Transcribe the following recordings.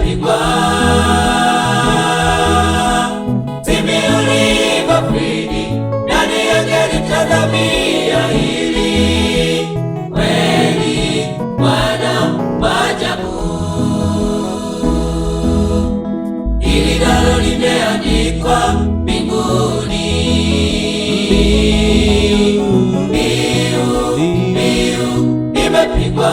ulivyopigwa, sivi ulivyofidi, nani angelitazamia hili? Kweli Bwana wa hili nalo limeandikwa mbinguni. Mbiu mbiu imepigwa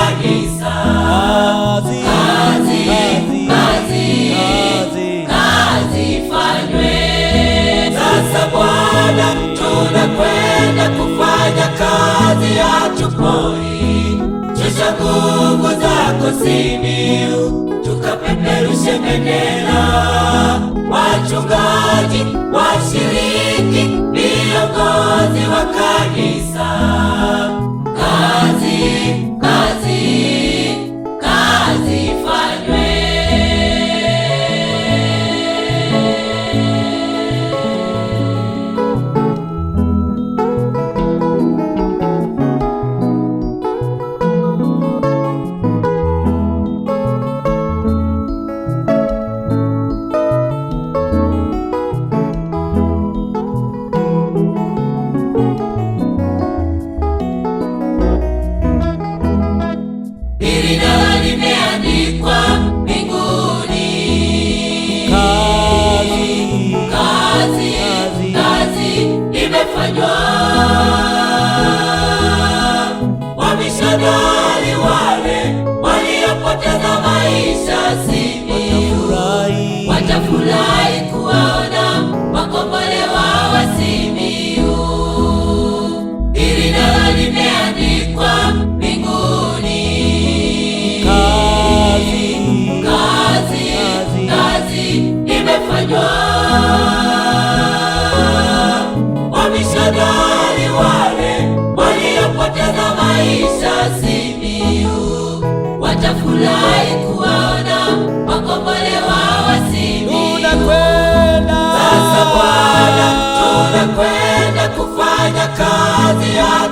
nguvu za kusini, tukapeperushe bendera, wachungaji washiriki Medina.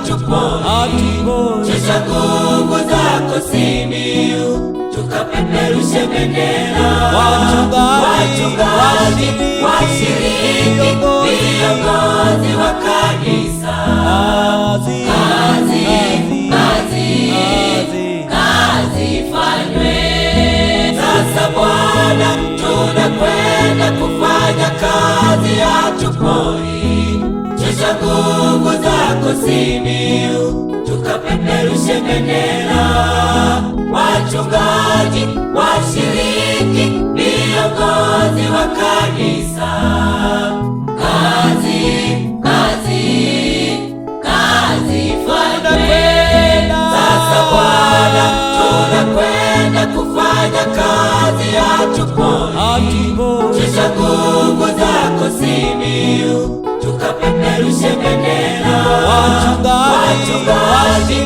hatuponi, hatuponi. Cheza nguvu zako simiyu, tukapeperushe bendera, washiriki, viongozi wa kanisa, kazi ifanywe sasa. Bwana, tunakwenda kufanya kazi, hatuponi. nguvu yako Simiyu, tukapeperushe bendera. Wachungaji, washiriki, viongozi wa kanisa, kazi, kazi, kazi Mfalme. Sasa Bwana, tunakwenda kufanya kazi ya chuponi, shusha nguvu zako Simiyu, tukapeperushe bendera ajudar, ajudar, ajudar.